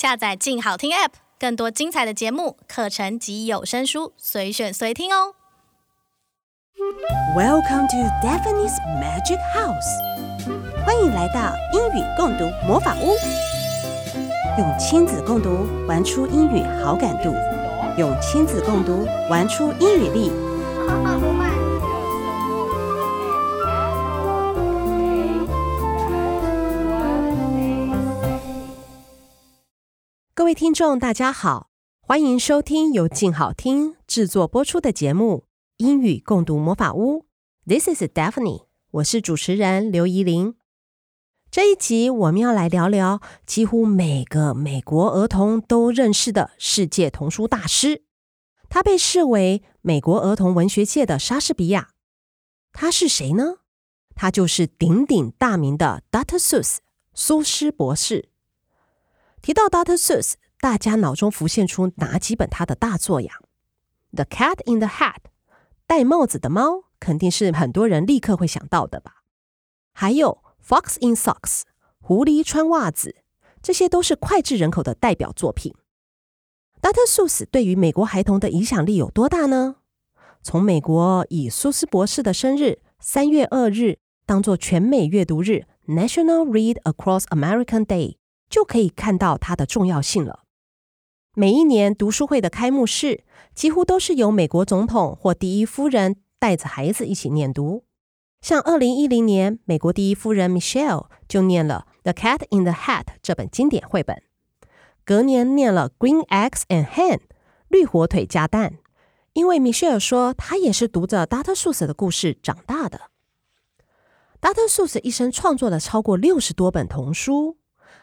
下載“鏡好聽 ”App，更多精彩的節目、課程及有聲書，隨選隨聽哦。Welcome to Daphne's Magic House，歡迎來到英語共讀魔法屋。用親子共讀玩出英語好感度，用親子共讀玩出英語力。各位聽眾大家好，歡迎收聽由靜好聽制作播出的節目《英語共讀魔法屋》。This is Daphne，我是主持人劉怡伶。這一集我們要來聊聊幾乎每個美國兒童都認識的世界童書大師，他被視為美國兒童文學界的莎士比亞。他是誰呢？他就是鼎鼎大名的 Dr. Seuss，蘇斯博士。提到 Dr. Seuss，大家腦中浮現出哪幾本他的大作呀？The Cat in the Hat，戴帽子的貓，肯定是很多人立刻會想到的吧？還有 Fox in Socks，狐狸穿襪子，這些都是膾炙人口的代表作品。Dr. Seuss 對於美國孩童的影響力有多大呢？從美國以蘇斯博士的生日三月二日當做全美閱讀日 （National Read Across American Day）。就可以看到它的重要性了。每一年讀書會的開幕式幾乎都是由美國總統或第一夫人帶着孩子一起念讀。像二零一零年，美國第一夫人 Michelle 就念了《The Cat in the Hat》這本經典繪本，隔年念了《Green Eggs and Ham》綠火腿加蛋。因為 Michelle 說她也是讀着 Dr. Seuss 的故事長大的。Dr. Seuss 一生創作了超過六十多本童書。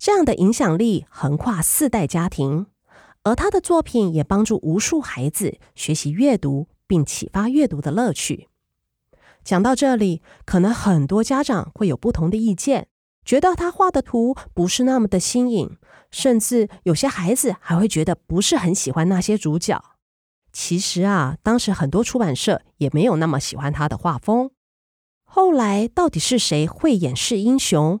這樣的影響力橫跨四代家庭，而他的作品也幫助無數孩子學習閱讀，並啟發閱讀的樂趣。講到這裡，可能很多家長會有不同的意見，覺得他畫的圖不是那麼的新穎，甚至有些孩子還會覺得不是很喜歡那些主角。其實啊，當時很多出版社也沒有那麼喜歡他的畫風。後來到底是誰慧眼識英雄？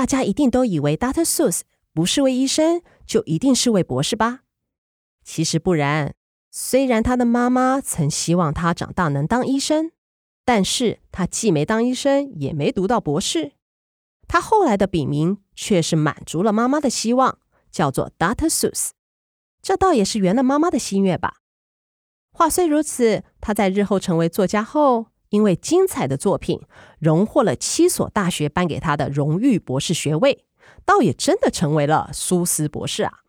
大家一定都以為 Dr. Seuss 不是位醫生，就一定是位博士吧？其實不然。雖然他的媽媽曾希望他長大能當醫生，但是他既沒當醫生，也沒讀到博士。他後來的筆名卻是滿足了媽媽的希望，叫做 Dr. Seuss。這倒也是圓了媽媽的心願吧。話雖如此，他在日後成為作家後，因為精彩的作品，榮獲了七所大學頒給他的榮譽博士學位，倒也真的成為了蘇斯博士啊。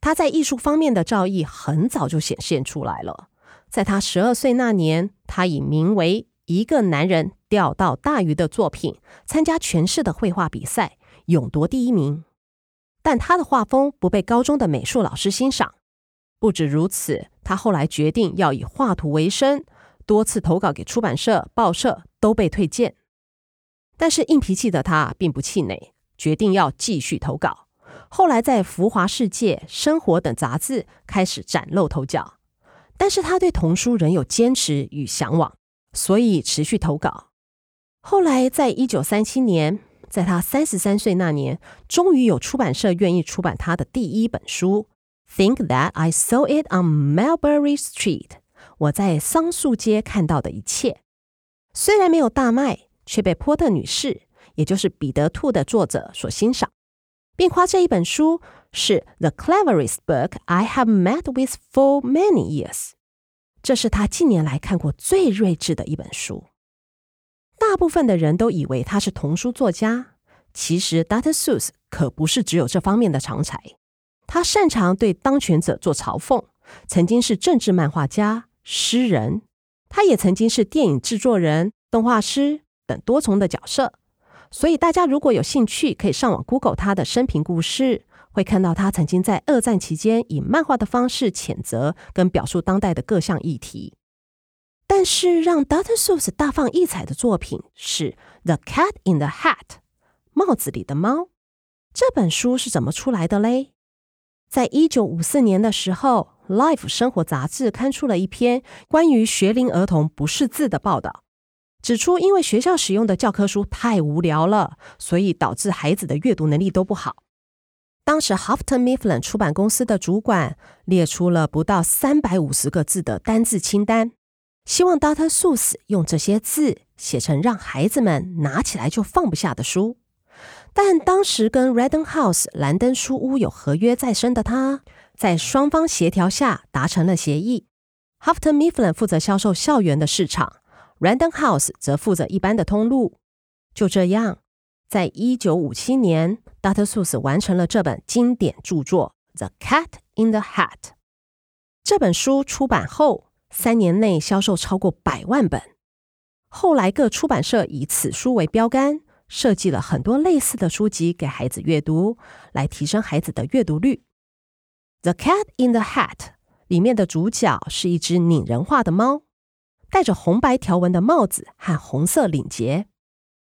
他在藝術方面的造詣很早就顯現出來了。在他十二歲那年，他以名為《一個男人釣到大魚》的作品參加全市的繪畫比賽，勇奪第一名。但他的畫風不被高中的美術老師欣賞。不止如此，他後來決定要以畫圖為生。多次投稿給出版社、報社都被退件，但是硬脾氣的他並不氣餒，決定要繼續投稿。後來在《浮華世界》《生活》等雜誌開始嶄露頭角，但是他對童書仍有堅持與嚮往，所以持續投稿。後來在一九三七年，在他三十三歲那年，終於有出版社願意出版他的第一本書《Think That I Saw It on Mulberry Street》。我在桑樹街看到的一切，雖然沒有大賣，卻被波特女士，也就是《彼得兔》的作者所欣賞，並誇這一本書是 "The cleverest book I have met with for many years"，這是他近年來看過最睿智的一本書。大部分的人都以為他是童書作家，其實 Dr. Seuss 可不是只有這方面的長才，他擅長對當權者做嘲諷，曾經是政治漫畫家。詩人，他也曾經是電影制作人、動畫師等多重的角色。所以大家如果有興趣，可以上網 Google 他的生平故事，會看到他曾經在二戰期間以漫畫的方式譴責跟表述當代的各項議題。但是讓 Dr. Seuss 大放異彩的作品是《The Cat in the Hat》（帽子裡的貓）。這本書是怎麼出來的嘞？在一九五四年的時候，《Life》生活雜誌刊出了一篇關於學齡兒童不識字的報道，指出因為學校使用的教科書太無聊了，所以導致孩子的閱讀能力都不好。當時，Houghton Mifflin 出版公司的主管列出了不到三百五十個字的單字清單，希望 Dr. Seuss 用這些字寫成讓孩子們拿起來就放不下的書。但當時跟 Random House 蘭登書屋有合約在身的他，在雙方協調下達成了協議。Houghton Mifflin 負責銷售校園的市場，Random House 則負責一般的通路。就這樣，在一九五七年，Dr. Seuss 完成了這本經典著作《The Cat in the Hat》。這本書出版後，三年內銷售超過百萬本。後來各出版社以此書為標杆。設計了很多類似的書籍給孩子閱讀，來提升孩子的閱讀率。《The Cat in the Hat》裡面的主角是一隻擬人化的貓，戴着紅白條紋的帽子和紅色領結，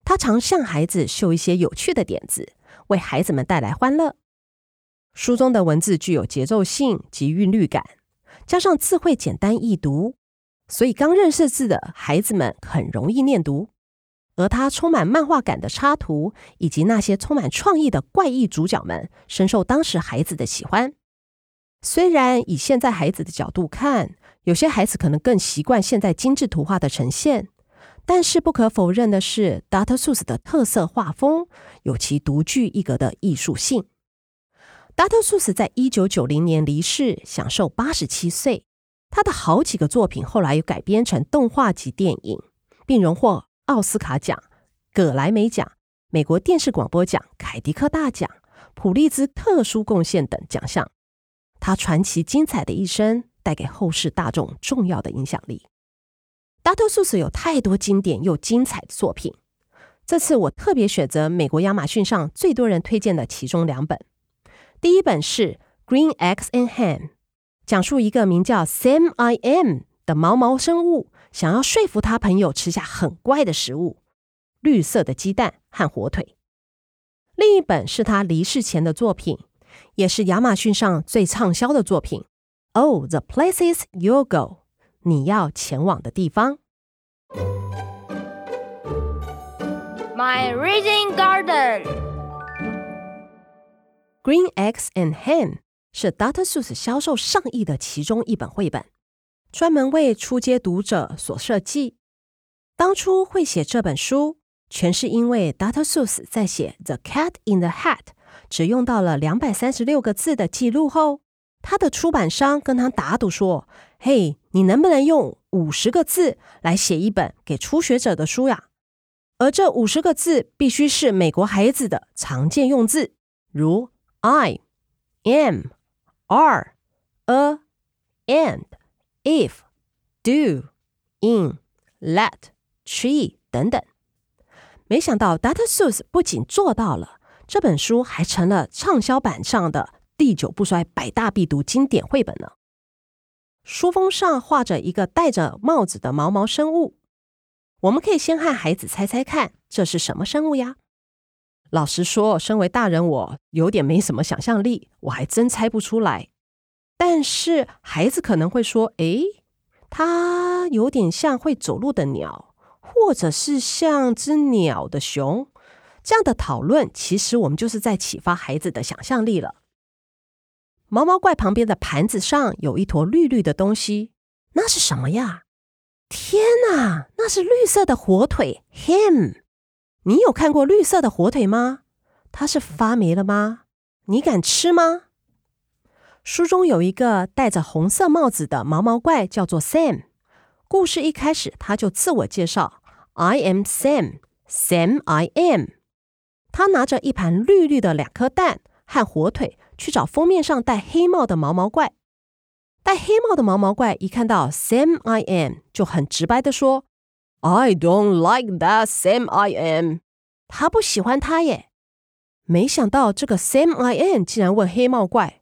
它常向孩子秀一些有趣的點子，為孩子們帶來歡樂。書中的文字具有節奏性及韻律感，加上字彙簡單易讀，所以剛認識字的孩子們很容易念讀。而他充滿漫畫感的插圖，以及那些充滿創意的怪異主角們，深受當時孩子的喜歡。雖然以現在孩子的角度看，有些孩子可能更習慣現在精致圖畫的呈現，但是不可否認的是，Dr. Seuss 的特色畫風有其獨具一格的藝術性。Dr. Seuss 在一九九零年離世，享壽八十七歲。他的好幾個作品後來又改編成動畫及電影，並榮獲。奧斯卡獎、葛萊美獎、美國電視廣播獎、凱迪克大獎、普利茲特殊貢獻等獎項，他傳奇精彩的一生帶給後世大眾重要的影響力。Dr. Seuss 有太多經典又精彩的作品，這次我特別選擇美國亞馬遜上最多人推薦的其中兩本。第一本是《Green Eggs and Ham》，講述一個名叫 Sam I Am 的毛毛生物。想要說服他朋友吃下很怪的食物——綠色的雞蛋和火腿。另一本是他離世前的作品，也是亞馬遜上最暢銷的作品。Oh, the places you'll go！你要前往的地方。My Reading Garden。Green Eggs and Ham 是 Dr. Seuss 銷售上億的其中一本繪本。專門為初階讀者所設計。當初會寫這本書，全是因為 Dr. Seuss 在寫《The Cat in the Hat》只用到了兩百三十六個字的記錄後，他的出版商跟他打賭說：“嘿、hey，你能不能用五十個字來寫一本給初學者的書呀？”而這五十個字必須是美國孩子的常見用字，如 I、am、are、a、and。If, do, in, let, tree 等等，沒想到 Dr. Seuss 不僅做到了，這本書還成了暢銷榜上的歷久不衰、百大必讀經典繪本呢。書封上畫着一個戴着帽子的毛毛生物，我們可以先和孩子猜猜看，這是什麼生物呀？老實說，身為大人，我有點沒什麼想象力，我還真猜不出來。但是孩子可能會說：“誒，它有點像會走路的鳥，或者是像只鳥的熊。”這樣的討論，其實我們就是在啟發孩子的想象力了。毛毛怪旁邊的盤子上有一坨綠綠的東西，那是什麼呀？天哪，那是綠色的火腿 ham，你有看過綠色的火腿嗎？它是發霉了嗎？你敢吃嗎？書中有一個戴着紅色帽子的毛毛怪，叫做 Sam。故事一開始，他就自我介紹：“I am Sam, Sam I am。”他拿着一盤綠綠的兩顆蛋和火腿去找封面上戴黑帽的毛毛怪。戴黑帽的毛毛怪一看到 “Sam I am”，就很直白地說：“I don't like that Sam I am。”他不喜歡他耶。沒想到這個 “Sam I am” 竟然問黑帽怪。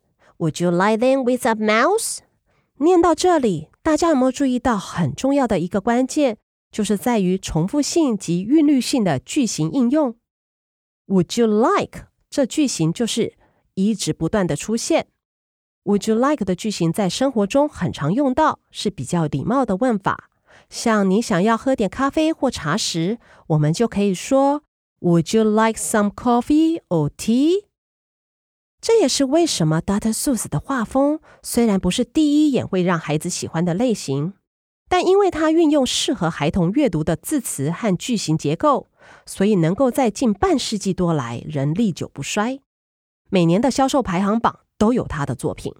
Would you like them with a mouse？念到這裡，大家有沒有注意到很重要的一個關鍵，就是在於重複性及韻律性的句型應用。Would you like？這句型就是一直不斷的出現。Would you like 的句型在生活中很常用到，是比較禮貌的問法。像你想要喝點咖啡或茶時，我們就可以說 Would you like some coffee or tea？這也是為什麼《Dr. Seuss》的畫風雖然不是第一眼會讓孩子喜歡的類型，但因為它運用適合孩童閱讀的字詞和句型結構，所以能夠在近半世紀多來仍歷久不衰。每年的銷售排行榜都有他的作品。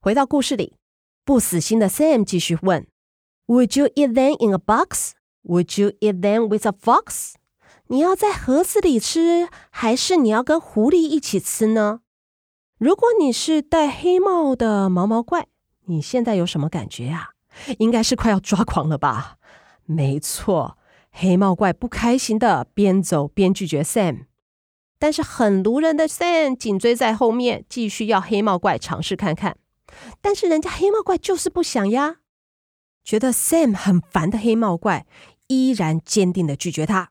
回到故事裡，不死心的 Sam 繼續問：“Would you eat them in a box? Would you eat them with a fox?” 你要在盒子裡吃，還是你要跟狐狸一起吃呢？如果你是戴黑帽的毛毛怪，你現在有什麼感覺呀？應該是快要抓狂了吧？沒錯，黑帽怪不開心的邊走邊拒絕 Sam，但是很盧人的 Sam 緊追在後面，繼續要黑帽怪嘗試看看。但是人家黑帽怪就是不想呀，覺得 Sam 很煩的黑帽怪依然堅定的拒絕他。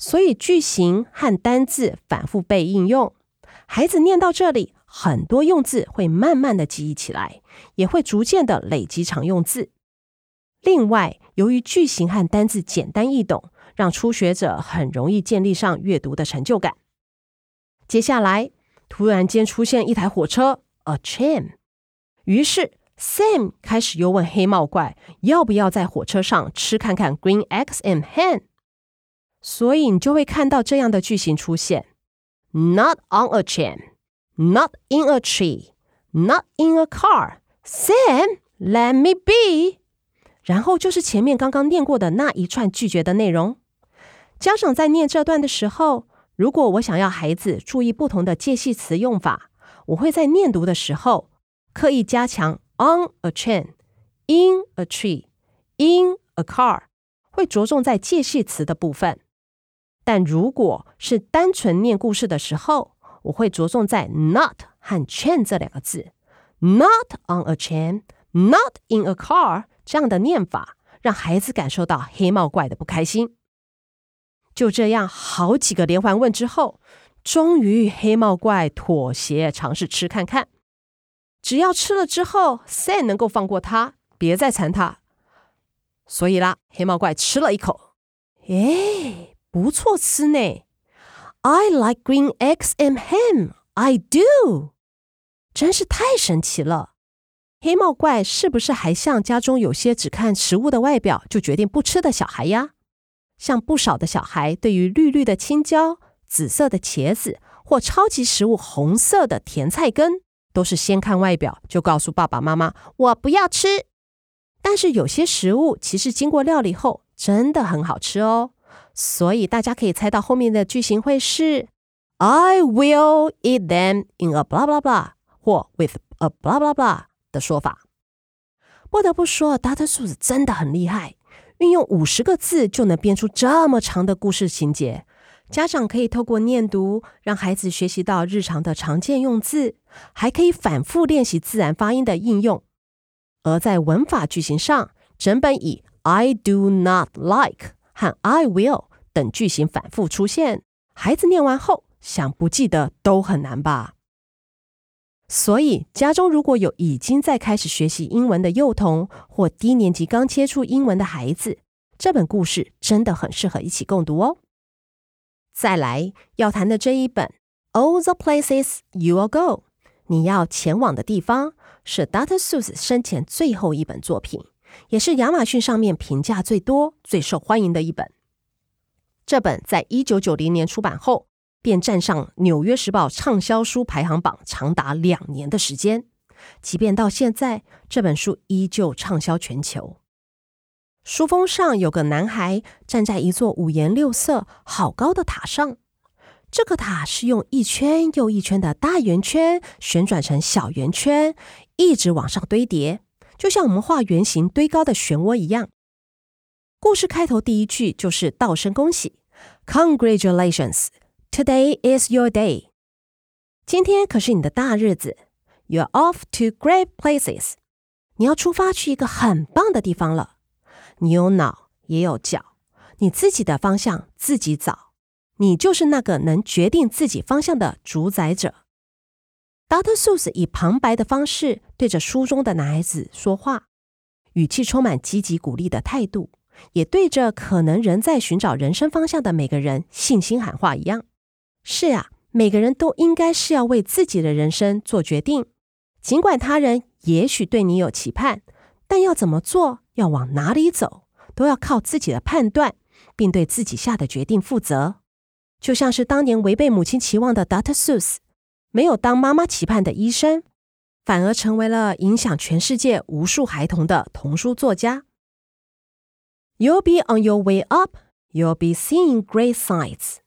所以句型和單字反覆被應用，孩子念到這裡，很多用字會慢慢的記憶起來，也會逐漸的累積常用字。另外，由於句型和單字簡單易懂，讓初學者很容易建立上閱讀的成就感。接下來，突然間出現一台火車，a train。於是，Sam 開始又問黑帽怪，要不要在火車上吃看看 Green Eggs and Ham？所以你就會看到這樣的句型出現：Not on a train, not in a tree, not in a car. Sam, let me be. 然後就是前面剛剛念過的那一串拒絕的內容。家長在念這段的時候，如果我想要孩子注意不同的介系詞用法，我會在念讀的時候刻意加強 on a train, in a tree, in a car，會着重在介系詞的部分。但如果是單純念故事的時候，我會着重在 “not” 和 “chain” 這兩個字，“not on a chain, not in a car” 這樣的念法，讓孩子感受到黑帽怪的不開心。就這樣，好幾個連環問之後，終於黑帽怪妥協，嘗試吃看看。只要吃了之後，Sam 能夠放過他，別再纏他。所以啦，黑帽怪吃了一口，哎不錯吃呢。I like green eggs and ham. I do，真是太神奇了。黑帽怪是不是還像家中有些只看食物的外表就決定不吃的小孩呀？像不少的小孩，對於綠綠的青椒、紫色的茄子或超級食物紅色的甜菜根，都是先看外表就告訴爸爸媽媽我不要吃。但是有些食物其實經過料理後真的很好吃哦。所以大家可以猜到後面的句型會是 "I will eat them in a blah blah blah" 或 "With a blah blah blah" 的說法。不得不說，Dr. Seuss 真的很厲害，運用五十個字就能編出這麼長的故事情節。家長可以透過念讀，讓孩子學習到日常的常見用字，還可以反復練習自然發音的應用。而在文法句型上，整本以 "I do not like" 和 "I will" 等句型反復出現，孩子念完後想不記得都很難吧。所以，家中如果有已經在開始學習英文的幼童或低年級剛接觸英文的孩子，這本故事真的很適合一起共讀哦。再來要談的這一本《All the Places You'll Go》，你要前往的地方是 Dr. Seuss 生前最後一本作品，也是亞馬遜上面評價最多、最受歡迎的一本。這本在一九九零年出版後，便站上《紐約時報》暢銷書排行榜長達兩年的時間。即便到現在，這本書依舊暢銷全球。書封上有個男孩站在一座五顏六色、好高的塔上。這個塔是用一圈又一圈的大圓圈旋轉成小圓圈，一直往上堆疊，就像我們畫圓形堆高的漩渦一樣。故事開頭第一句就是“道聲恭喜，Congratulations! Today is your day。今天可是你的大日子。You're off to great places。你要出發去一個很棒的地方了。你有腦也有腳，你自己的方向自己找。你就是那個能決定自己方向的主宰者。” Dr. Seuss 以旁白的方式對着書中的男孩子說話，語氣充滿積極鼓勵的態度。也對着可能仍在尋找人生方向的每個人信心喊話一樣。是啊，每個人都應該是要為自己的人生做決定。儘管他人也許對你有期盼，但要怎麼做，要往哪裡走，都要靠自己的判斷，並對自己下的決定負責。就像是當年違背母親期望的 Dr. Seuss，沒有當媽媽期盼的醫生，反而成為了影響全世界無數孩童的童書作家。You'll be on your way up. You'll be seeing great sights.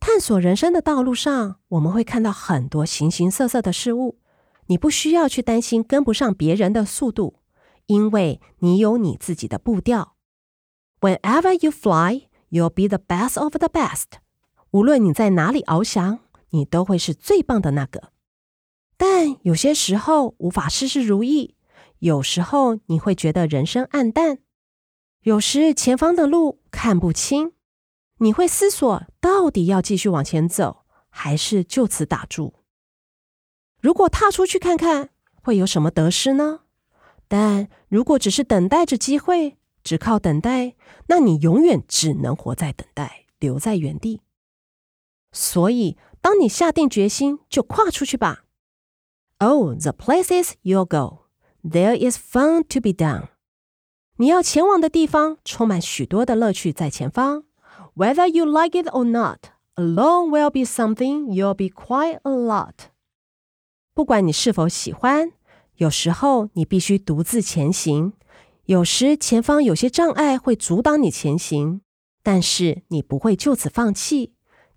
探索人生的道路上，我們會看到很多形形色色的事物。你不需要去擔心跟不上別人的速度，因為你有你自己的步調。Whenever you fly, you'll be the best of the best. 無論你在哪裡翱翔，你都會是最棒的那個。但有些時候無法事事如意，有時候你會覺得人生暗淡。有時前方的路看不清，你會思索到底要繼續往前走，還是就此打住？如果踏出去看看，會有什麼得失呢？但如果只是等待着機會，只靠等待，那你永遠只能活在等待，留在原地。所以，當你下定決心，就跨出去吧！Oh, the places you'll go. There is fun to be done. 你要前往的地方充滿許多的樂趣在前方。Whether you like it or not, alone will be something you'll be quite a lot。不管你是否喜歡，有時候你必須獨自前行。有時前方有些障礙會阻擋你前行，但是你不會就此放棄。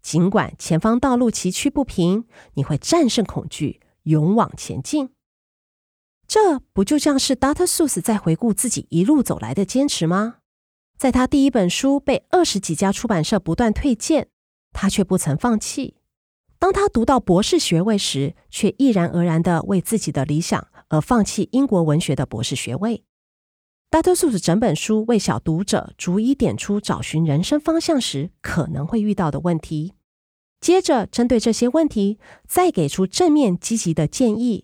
儘管前方道路崎嶇不平，你會戰勝恐懼，勇往前進。這不就像是 Dr. Seuss 在回顧自己一路走來的堅持嗎？在他第一本書被二十幾家出版社不斷推薦，他卻不曾放棄。當他讀到博士學位時，卻毅然而然地為自己的理想而放棄英國文學的博士學位。Dr. Seuss 整本書為小讀者逐一點出找尋人生方向時可能會遇到的問題，接着針對這些問題，再給出正面積極的建議。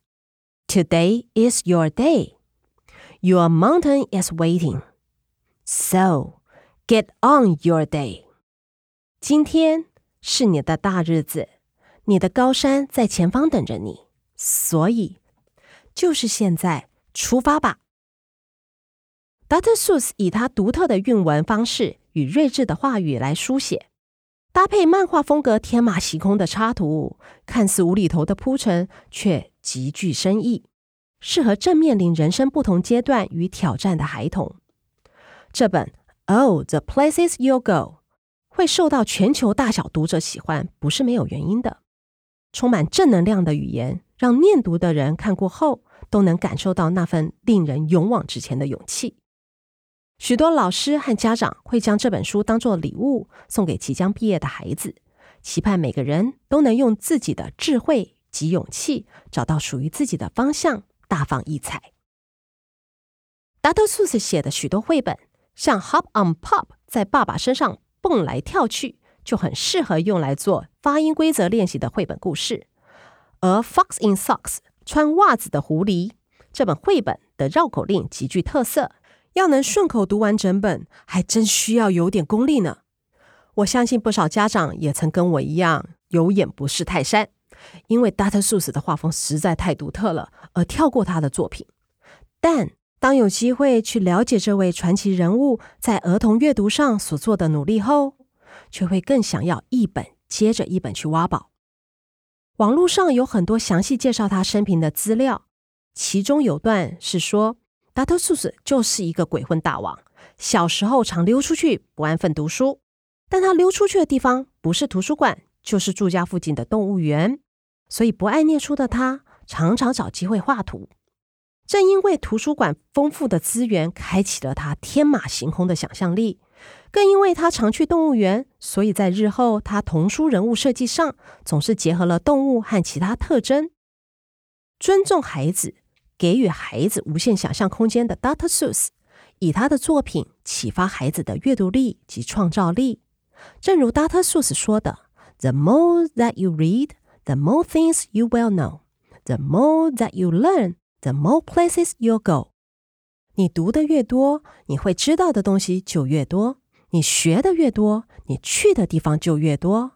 Today is your day, your mountain is waiting, so get on your day. 今天是你的大日子，你的高山在前方等着你，所以就是現在出發吧。Dr. Seuss 以他獨特的韻文方式與睿智的話語來書寫，搭配漫畫風格天馬行空的插圖，看似無厘頭的鋪陳，卻，極具深意，適合正面臨人生不同階段與挑戰的孩童。這本《Oh, the Places You Go》會受到全球大小讀者喜歡，不是沒有原因的。充滿正能量的語言，讓念讀的人看過後都能感受到那份令人勇往直前的勇氣。許多老師和家長會將這本書當做禮物送給即將畢業的孩子，期盼每個人都能用自己的智慧。及勇氣，找到屬於自己的方向，大放異彩。Dr. Seuss 寫的許多繪本，像《Hop on Pop》在爸爸身上蹦來跳去，就很適合用來做發音規則練習的繪本故事。而《Fox in Socks》穿襪子的狐狸，這本繪本的繞口令極具特色，要能順口讀完整本，還真需要有點功力呢。我相信不少家長也曾跟我一樣，有眼不識泰山。因為 Dr. Seuss 的畫風實在太獨特了，而跳過他的作品。但當有機會去了解這位傳奇人物在兒童閱讀上所做的努力後，卻會更想要一本接着一本去挖寶。網絡上有很多詳細介紹他生平的資料，其中有段是說，Dr. Seuss 就是一個鬼混大王，小時候常溜出去不安分讀書，但他溜出去的地方不是圖書館，就是住家附近的動物園。所以不愛念書的他，常常找機會畫圖。正因為圖書館豐富的資源，開啟了他天馬行空的想象力；更因為他常去動物園，所以在日後他童書人物設計上，總是結合了動物和其他特徵。尊重孩子，給予孩子無限想象空間的 Dr. Seuss 以他的作品啟發孩子的閱讀力及創造力。正如 Dr. Seuss 說的：“The more that you read，” The more things you will know, the more that you learn, the more places you'll go. 你讀的越多，你會知道的東西就越多；你學的越多，你去的地方就越多。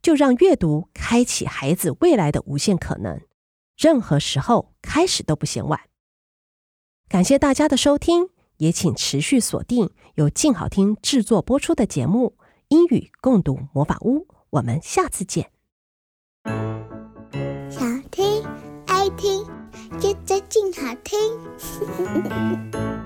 就讓閱讀開啟孩子未來的無限可能。任何時候開始都不嫌晚。感謝大家的收聽，也請持續鎖定由靜好聽制作播出的節目《英語共讀魔法屋》。我們下次見。想聽，愛聽，覺得真好聽。